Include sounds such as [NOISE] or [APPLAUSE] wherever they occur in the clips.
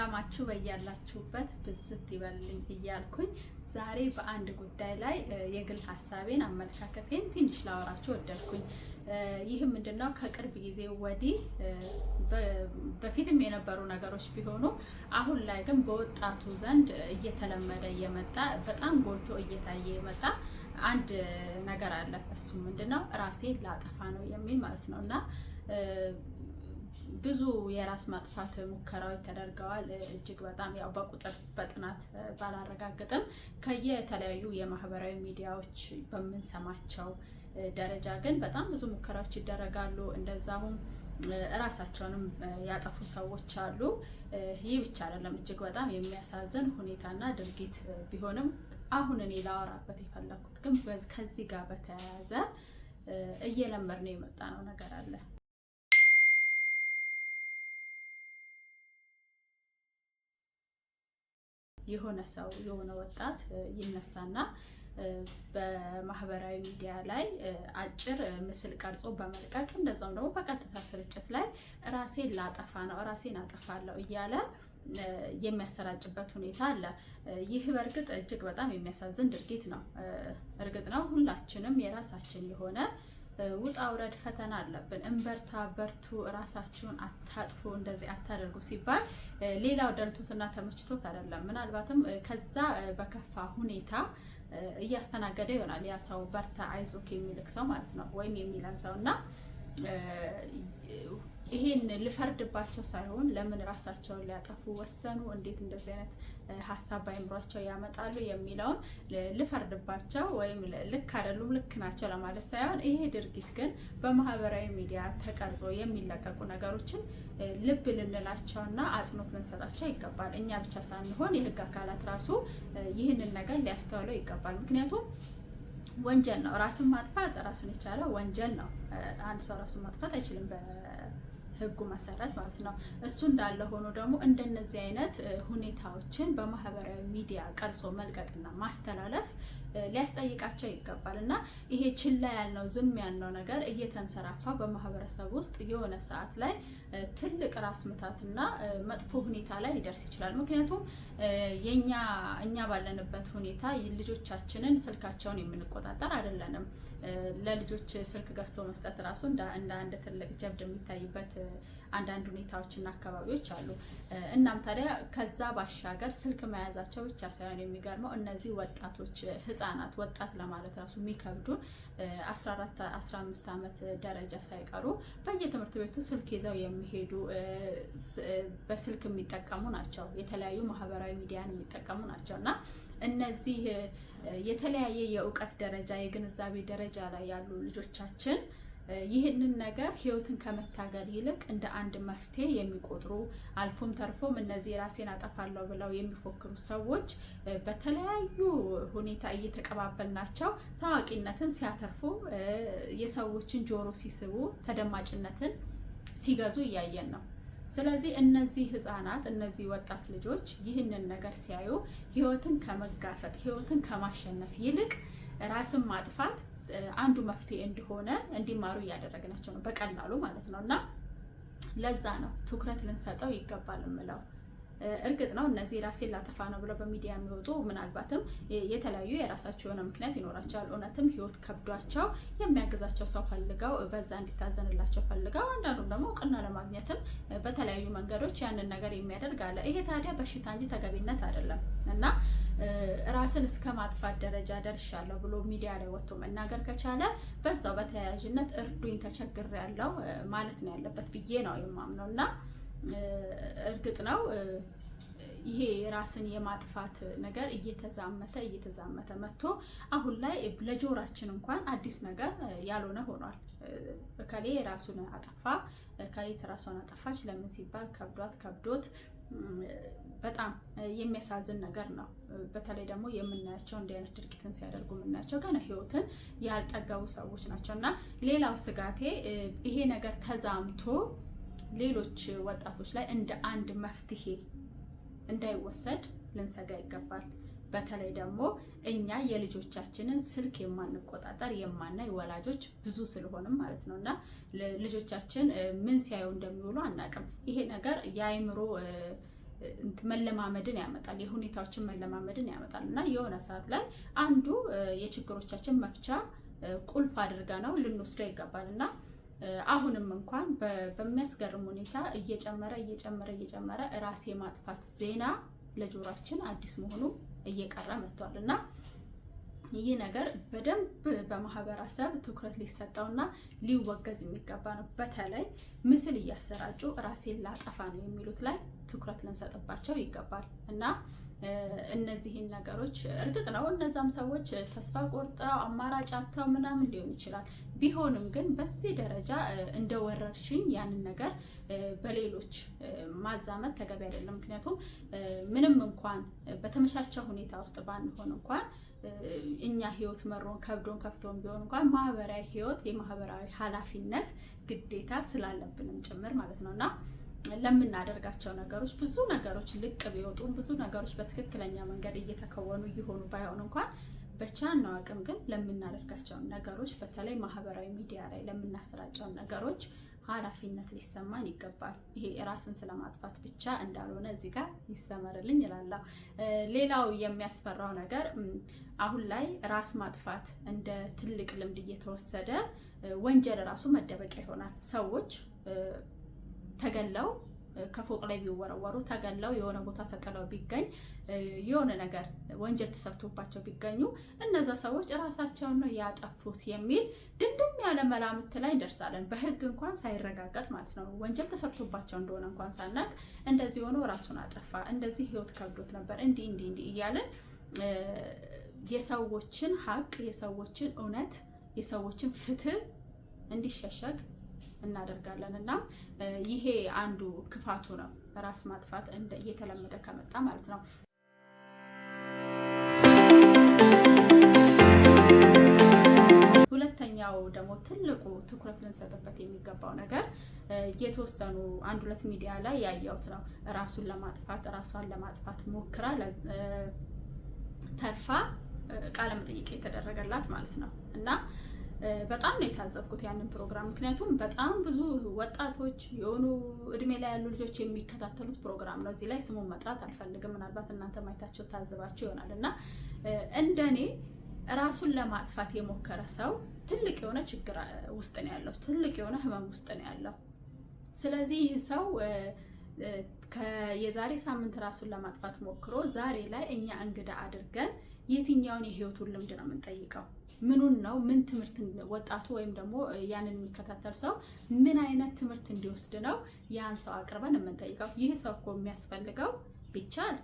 ሰላማችሁ በያላችሁበት ብዝት ይበልልኝ እያልኩኝ ዛሬ በአንድ ጉዳይ ላይ የግል ሀሳቤን አመለካከቴን ትንሽ ላወራችሁ ወደድኩኝ። ይህም ምንድነው ከቅርብ ጊዜ ወዲህ በፊትም የነበሩ ነገሮች ቢሆኑ አሁን ላይ ግን በወጣቱ ዘንድ እየተለመደ እየመጣ በጣም ጎልቶ እየታየ የመጣ አንድ ነገር አለ። እሱ ምንድነው ራሴ ላጠፋ ነው የሚል ማለት ነው እና ብዙ የራስ ማጥፋት ሙከራዎች ተደርገዋል። እጅግ በጣም ያው በቁጥር በጥናት ባላረጋግጥም ከየተለያዩ የማህበራዊ ሚዲያዎች በምንሰማቸው ደረጃ ግን በጣም ብዙ ሙከራዎች ይደረጋሉ። እንደዛሁም እራሳቸውንም ያጠፉ ሰዎች አሉ። ይህ ብቻ አይደለም። እጅግ በጣም የሚያሳዝን ሁኔታና ድርጊት ቢሆንም አሁን እኔ ላወራበት የፈለግኩት ግን ከዚህ ጋር በተያያዘ እየለመድ ነው የመጣ ነው ነገር አለ የሆነ ሰው የሆነ ወጣት ይነሳና በማህበራዊ ሚዲያ ላይ አጭር ምስል ቀርጾ በመልቀቅ እንደዛውም ደግሞ በቀጥታ ስርጭት ላይ ራሴን ላጠፋ ነው ራሴን አጠፋለሁ እያለ የሚያሰራጭበት ሁኔታ አለ። ይህ በእርግጥ እጅግ በጣም የሚያሳዝን ድርጊት ነው። እርግጥ ነው ሁላችንም የራሳችን የሆነ ውጣ ውረድ ፈተና አለብን። እንበርታ፣ በርቱ፣ እራሳችሁን አታጥፉ፣ እንደዚህ አታደርጉ ሲባል ሌላው ደልቶትና ተመችቶት አይደለም። ምናልባትም ከዛ በከፋ ሁኔታ እያስተናገደ ይሆናል ያ ሰው በርታ፣ አይዞክ የሚልክ ሰው ማለት ነው ወይም የሚለን ሰው እና ይሄን ልፈርድባቸው ሳይሆን ለምን ራሳቸውን ሊያጠፉ ወሰኑ፣ እንዴት እንደዚህ አይነት ሀሳብ አይምሯቸው ያመጣሉ የሚለውን ልፈርድባቸው ወይም ልክ አይደሉም፣ ልክ ናቸው ለማለት ሳይሆን ይሄ ድርጊት ግን በማህበራዊ ሚዲያ ተቀርጾ የሚለቀቁ ነገሮችን ልብ ልንላቸውና አጽንኦት ልንሰጣቸው ይገባል። እኛ ብቻ ሳንሆን የህግ አካላት ራሱ ይህንን ነገር ሊያስተውለው ይገባል። ምክንያቱም ወንጀል ነው። ራስን ማጥፋት ራሱን የቻለ ወንጀል ነው። አንድ ሰው ራሱን ማጥፋት አይችልም ህጉ መሰረት ማለት ነው። እሱ እንዳለ ሆኖ ደግሞ እንደነዚህ አይነት ሁኔታዎችን በማህበራዊ ሚዲያ ቀርጾ መልቀቅና ማስተላለፍ ሊያስጠይቃቸው ይገባል እና ይሄ ችላ ያልነው ዝም ያልነው ነገር እየተንሰራፋ በማህበረሰብ ውስጥ የሆነ ሰዓት ላይ ትልቅ ራስ ምታትና መጥፎ ሁኔታ ላይ ሊደርስ ይችላል። ምክንያቱም የኛ እኛ ባለንበት ሁኔታ ልጆቻችንን ስልካቸውን የምንቆጣጠር አይደለንም። ለልጆች ስልክ ገዝቶ መስጠት ራሱ እንደ አንድ ትልቅ ጀብድ የሚታይበት አንዳንድ ሁኔታዎችና አካባቢዎች አሉ። እናም ታዲያ ከዛ ባሻገር ስልክ መያዛቸው ብቻ ሳይሆን የሚገርመው እነዚህ ወጣቶች ህጻናት ወጣት ለማለት ራሱ የሚከብዱ 14 15 ዓመት ደረጃ ሳይቀሩ በየትምህርት ቤቱ ስልክ ይዘው የሚሄዱ በስልክ የሚጠቀሙ ናቸው። የተለያዩ ማህበራዊ ሚዲያን የሚጠቀሙ ናቸው እና እነዚህ የተለያየ የእውቀት ደረጃ የግንዛቤ ደረጃ ላይ ያሉ ልጆቻችን ይህንን ነገር ህይወትን ከመታገል ይልቅ እንደ አንድ መፍትሄ የሚቆጥሩ አልፎም ተርፎም እነዚህ ራሴን አጠፋለሁ ብለው የሚፎክሩ ሰዎች በተለያዩ ሁኔታ እየተቀባበልናቸው ታዋቂነትን ሲያተርፉ፣ የሰዎችን ጆሮ ሲስቡ፣ ተደማጭነትን ሲገዙ እያየን ነው። ስለዚህ እነዚህ ህፃናት እነዚህ ወጣት ልጆች ይህንን ነገር ሲያዩ ህይወትን ከመጋፈጥ ህይወትን ከማሸነፍ ይልቅ ራስን ማጥፋት አንዱ መፍትሄ እንደሆነ እንዲማሩ እያደረግናቸው ነው፣ በቀላሉ ማለት ነው። እና ለዛ ነው ትኩረት ልንሰጠው ይገባል የምለው። እርግጥ ነው እነዚህ ራሴን ላጠፋ ነው ብለው በሚዲያ የሚወጡ ምናልባትም የተለያዩ የራሳቸው የሆነ ምክንያት ይኖራቸዋል። እውነትም ህይወት ከብዷቸው የሚያግዛቸው ሰው ፈልገው በዛ እንዲታዘንላቸው ፈልገው፣ አንዳንዱም ደግሞ እውቅና ለማግኘትም በተለያዩ መንገዶች ያንን ነገር የሚያደርግ አለ። ይሄ ታዲያ በሽታ እንጂ ተገቢነት አይደለም እና ራስን እስከ ማጥፋት ደረጃ ደርሻለሁ ብሎ ሚዲያ ላይ ወጥቶ መናገር ከቻለ በዛው በተያያዥነት እርዱኝ ተቸግሬያለሁ ማለት ነው ያለበት ብዬ ነው የማምነው እና እርግጥ ነው ይሄ ራስን የማጥፋት ነገር እየተዛመተ እየተዛመተ መጥቶ አሁን ላይ ለጆሯችን እንኳን አዲስ ነገር ያልሆነ ሆኗል። እከሌ ራሱን አጠፋ፣ እከሌት ራሷን አጠፋች ለምን ሲባል ከብዷት ከብዶት በጣም የሚያሳዝን ነገር ነው። በተለይ ደግሞ የምናያቸው እንዲህ አይነት ድርጊትን ሲያደርጉ የምናያቸው ገና ህይወትን ያልጠገቡ ሰዎች ናቸው እና ሌላው ስጋቴ ይሄ ነገር ተዛምቶ ሌሎች ወጣቶች ላይ እንደ አንድ መፍትሄ እንዳይወሰድ ልንሰጋ ይገባል። በተለይ ደግሞ እኛ የልጆቻችንን ስልክ የማንቆጣጠር የማናይ ወላጆች ብዙ ስለሆንም ማለት ነው እና ልጆቻችን ምን ሲያዩ እንደሚውሉ አናቅም። ይሄ ነገር የአይምሮ መለማመድን ያመጣል፣ የሁኔታዎችን መለማመድን ያመጣል እና የሆነ ሰዓት ላይ አንዱ የችግሮቻችን መፍቻ ቁልፍ አድርጋ ነው ልንወስደው ይገባል እና አሁንም እንኳን በሚያስገርም ሁኔታ እየጨመረ እየጨመረ እየጨመረ ራስ የማጥፋት ዜና ለጆሯችን አዲስ መሆኑ እየቀረ መጥቷል እና ይህ ነገር በደንብ በማህበረሰብ ትኩረት ሊሰጠው እና ሊወገዝ የሚገባ ነው። በተለይ ምስል እያሰራጩ ራሴን ላጠፋ ነው የሚሉት ላይ ትኩረት ልንሰጥባቸው ይገባል እና እነዚህን ነገሮች እርግጥ ነው እነዛም ሰዎች ተስፋ ቆርጠው አማራጭ አጥተው ምናምን ሊሆን ይችላል። ቢሆንም ግን በዚህ ደረጃ እንደ ወረርሽኝ ያንን ነገር በሌሎች ማዛመት ተገቢ አይደለም። ምክንያቱም ምንም እንኳን በተመቻቸው ሁኔታ ውስጥ ባንሆን እንኳን እኛ ህይወት መሮን ከብዶን ከፍቶን ቢሆን እንኳን ማህበራዊ ህይወት የማህበራዊ ኃላፊነት ግዴታ ስላለብንም ጭምር ማለት ነው እና ለምናደርጋቸው ነገሮች ብዙ ነገሮች ልቅ ቢወጡም ብዙ ነገሮች በትክክለኛ መንገድ እየተከወኑ እየሆኑ ባይሆን እንኳን በቻልነው አቅም ግን ለምናደርጋቸውን ነገሮች በተለይ ማህበራዊ ሚዲያ ላይ ለምናሰራጨውን ነገሮች ኃላፊነት ሊሰማን ይገባል። ይሄ ራስን ስለማጥፋት ብቻ እንዳልሆነ እዚህ ጋር ይሰመርልኝ ይላለሁ። ሌላው የሚያስፈራው ነገር አሁን ላይ ራስ ማጥፋት እንደ ትልቅ ልምድ እየተወሰደ ወንጀል ራሱ መደበቂያ ይሆናል። ሰዎች ተገለው ከፎቅ ላይ ቢወረወሩ ተገለው የሆነ ቦታ ተጥለው ቢገኝ የሆነ ነገር ወንጀል ተሰርቶባቸው ቢገኙ እነዛ ሰዎች እራሳቸውን ነው ያጠፉት የሚል ድምድም ያለ መላምት ላይ እንደርሳለን። በህግ እንኳን ሳይረጋገጥ ማለት ነው። ወንጀል ተሰርቶባቸው እንደሆነ እንኳን ሳናቅ እንደዚህ ሆኖ ራሱን አጠፋ፣ እንደዚህ ህይወት ከብዶት ነበር፣ እንዲህ እንዲህ እንዲህ እያለን የሰዎችን ሀቅ፣ የሰዎችን እውነት፣ የሰዎችን ፍትህ እንዲሸሸግ እናደርጋለን እና ይሄ አንዱ ክፋቱ ነው፣ ራስ ማጥፋት እየተለመደ ከመጣ ማለት ነው። ሁለተኛው ደግሞ ትልቁ ትኩረት ልንሰጥበት የሚገባው ነገር የተወሰኑ አንድ ሁለት ሚዲያ ላይ ያየሁት ነው። ራሱን ለማጥፋት ራሷን ለማጥፋት ሞክራ ተርፋ ቃለ መጠይቅ የተደረገላት ማለት ነው እና በጣም ነው የታዘብኩት ያንን ፕሮግራም። ምክንያቱም በጣም ብዙ ወጣቶች የሆኑ እድሜ ላይ ያሉ ልጆች የሚከታተሉት ፕሮግራም ነው። እዚህ ላይ ስሙን መጥራት አልፈልግም። ምናልባት እናንተ ማየታቸው ታዘባቸው ይሆናል እና እንደኔ ራሱን ለማጥፋት የሞከረ ሰው ትልቅ የሆነ ችግር ውስጥ ነው ያለው፣ ትልቅ የሆነ ህመም ውስጥ ነው ያለው። ስለዚህ ይህ ሰው የዛሬ ሳምንት ራሱን ለማጥፋት ሞክሮ ዛሬ ላይ እኛ እንግዳ አድርገን የትኛውን የህይወቱን ልምድ ነው የምንጠይቀው? ምኑን ነው ምን ትምህርት ወጣቱ ወይም ደግሞ ያንን የሚከታተል ሰው ምን አይነት ትምህርት እንዲወስድ ነው ያን ሰው አቅርበን የምንጠይቀው? ይህ ሰው እኮ የሚያስፈልገው ቢቻል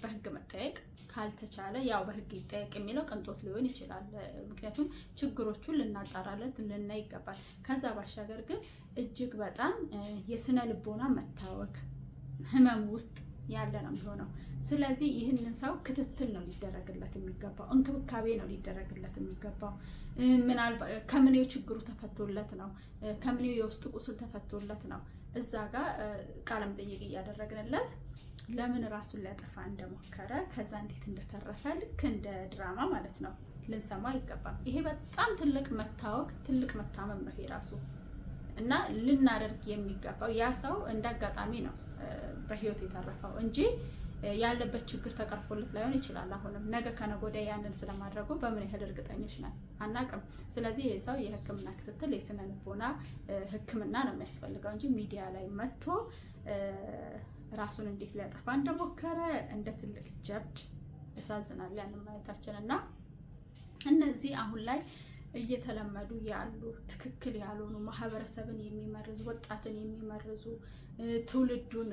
በህግ መጠየቅ ካልተቻለ ያው በህግ ይጠየቅ የሚለው ቅንጦት ሊሆን ይችላል። ምክንያቱም ችግሮቹን ልናጣራለት ልናይ ይገባል። ከዛ ባሻገር ግን እጅግ በጣም የስነ ልቦና መታወክ ህመም ውስጥ ያለ ነው የሚሆነው። ስለዚህ ይህንን ሰው ክትትል ነው ሊደረግለት የሚገባው፣ እንክብካቤ ነው ሊደረግለት የሚገባው። ምናልባት ከምኔው ችግሩ ተፈቶለት ነው፣ ከምኔው የውስጥ ቁስል ተፈቶለት ነው እዛ ጋር ቃለ መጠይቅ እያደረግንለት ለምን ራሱን ሊያጠፋ እንደሞከረ ከዛ እንዴት እንደተረፈ ልክ እንደ ድራማ ማለት ነው ልንሰማ አይገባም። ይሄ በጣም ትልቅ መታወቅ ትልቅ መታመም ነው ይሄ ራሱ እና ልናደርግ የሚገባው ያ ሰው እንደ አጋጣሚ ነው በህይወት የተረፈው እንጂ ያለበት ችግር ተቀርፎለት ላይሆን ይችላል። አሁንም ነገ ከነገ ወዲያ ያንን ስለማድረጉ በምን ያህል እርግጠኞች ነን አናቅም። ስለዚህ ይህ ሰው የህክምና ክትትል የስነ ልቦና ህክምና ነው የሚያስፈልገው እንጂ ሚዲያ ላይ መጥቶ ራሱን እንዴት ሊያጠፋ እንደሞከረ እንደ ትልቅ ጀብድ ያሳዝናል። ያንን ማየታችን እና እነዚህ አሁን ላይ እየተለመዱ ያሉ ትክክል ያልሆኑ ማህበረሰብን የሚመርዙ ወጣትን የሚመርዙ ትውልዱን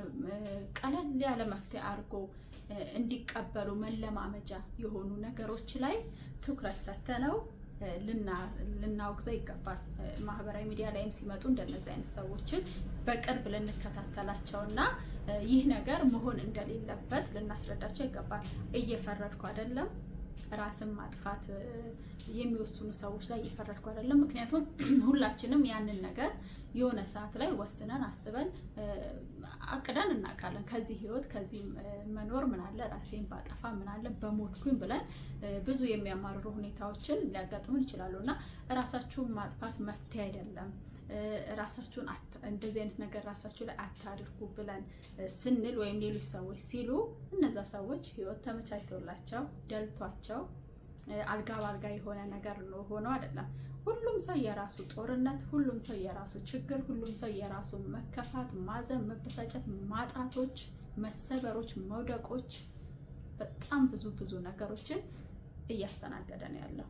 ቀለል ያለ መፍትሄ አድርጎ እንዲቀበሉ መለማመጃ የሆኑ ነገሮች ላይ ትኩረት ሰጥተነው ልናወግዘው ይገባል። ማህበራዊ ሚዲያ ላይም ሲመጡ እንደነዚህ አይነት ሰዎችን በቅርብ ልንከታተላቸው እና ይህ ነገር መሆን እንደሌለበት ልናስረዳቸው ይገባል። እየፈረድኩ አይደለም። ራስን ማጥፋት የሚወስኑ ሰዎች ላይ እየፈረድኩ አይደለም። ምክንያቱም [CLEARS THROAT] ሁላችንም ያንን ነገር የሆነ ሰዓት ላይ ወስነን አስበን አቅደን እናውቃለን። ከዚህ ህይወት ከዚህ መኖር ምናለ ራሴን ባጠፋ ምናለ በሞትኩኝ ብለን ብዙ የሚያማርሩ ሁኔታዎችን ሊያጋጥሙን ይችላሉ እና ራሳችሁን ማጥፋት መፍትሄ አይደለም። ራሳችሁን እንደዚህ አይነት ነገር ራሳችሁ ላይ አታድርጉ ብለን ስንል ወይም ሌሎች ሰዎች ሲሉ እነዛ ሰዎች ህይወት ተመቻችቶላቸው ደልቷቸው አልጋ በአልጋ የሆነ ነገር ነው ሆነው አይደለም። ሁሉም ሰው የራሱ ጦርነት፣ ሁሉም ሰው የራሱ ችግር፣ ሁሉም ሰው የራሱ መከፋት፣ ማዘን፣ መበሳጨት፣ ማጣቶች፣ መሰበሮች፣ መውደቆች በጣም ብዙ ብዙ ነገሮችን እያስተናገደ ነው ያለው።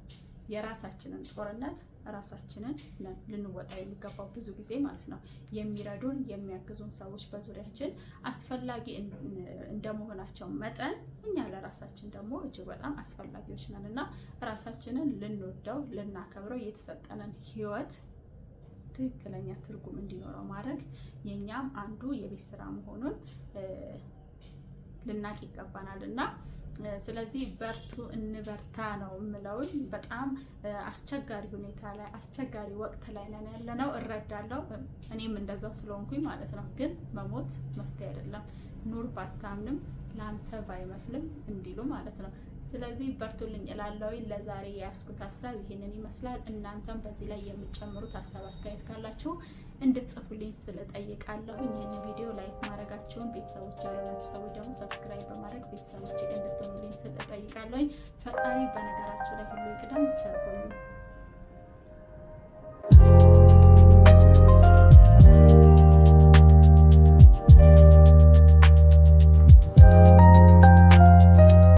የራሳችንን ጦርነት ራሳችንን ነን ልንወጣ የሚገባው ብዙ ጊዜ ማለት ነው። የሚረዱን የሚያግዙን ሰዎች በዙሪያችን አስፈላጊ እንደመሆናቸው መጠን እኛ ለራሳችን ደግሞ እጅግ በጣም አስፈላጊዎች ነን እና ራሳችንን ልንወደው ልናከብረው የተሰጠንን ህይወት ትክክለኛ ትርጉም እንዲኖረው ማድረግ የእኛም አንዱ የቤት ስራ መሆኑን ልናቅ ይገባናል እና ስለዚህ በርቱ እንበርታ ነው የምለውን። በጣም አስቸጋሪ ሁኔታ ላይ አስቸጋሪ ወቅት ላይ ነን ያለነው እረዳለሁ። እኔም እንደዛው ስለሆንኩኝ ማለት ነው። ግን መሞት መፍትሄ አይደለም። ኑር ባታምንም ለአንተ ባይመስልም እንዲሉ ማለት ነው። ስለዚህ በርቱልኝ እላለሁ። ለዛሬ የያዝኩት ሀሳብ ይህንን ይመስላል። እናንተም በዚህ ላይ የምትጨምሩት ሀሳብ አስተያየት ካላችሁ እንድትጽፉልኝ ስለጠይቃለሁ። ይህን ቪዲዮ ላይክ ማድረጋችሁን ቤተሰቦች ያለነፍሰው ደግሞ ሰብስክራይብ በማድረግ ቤተሰቦች እንድትሆኑልኝ ስለጠይቃለሁኝ። ፈጣሪ በነገራችሁ ላይ ሁሉ ይቅደም። ቸርቆኝ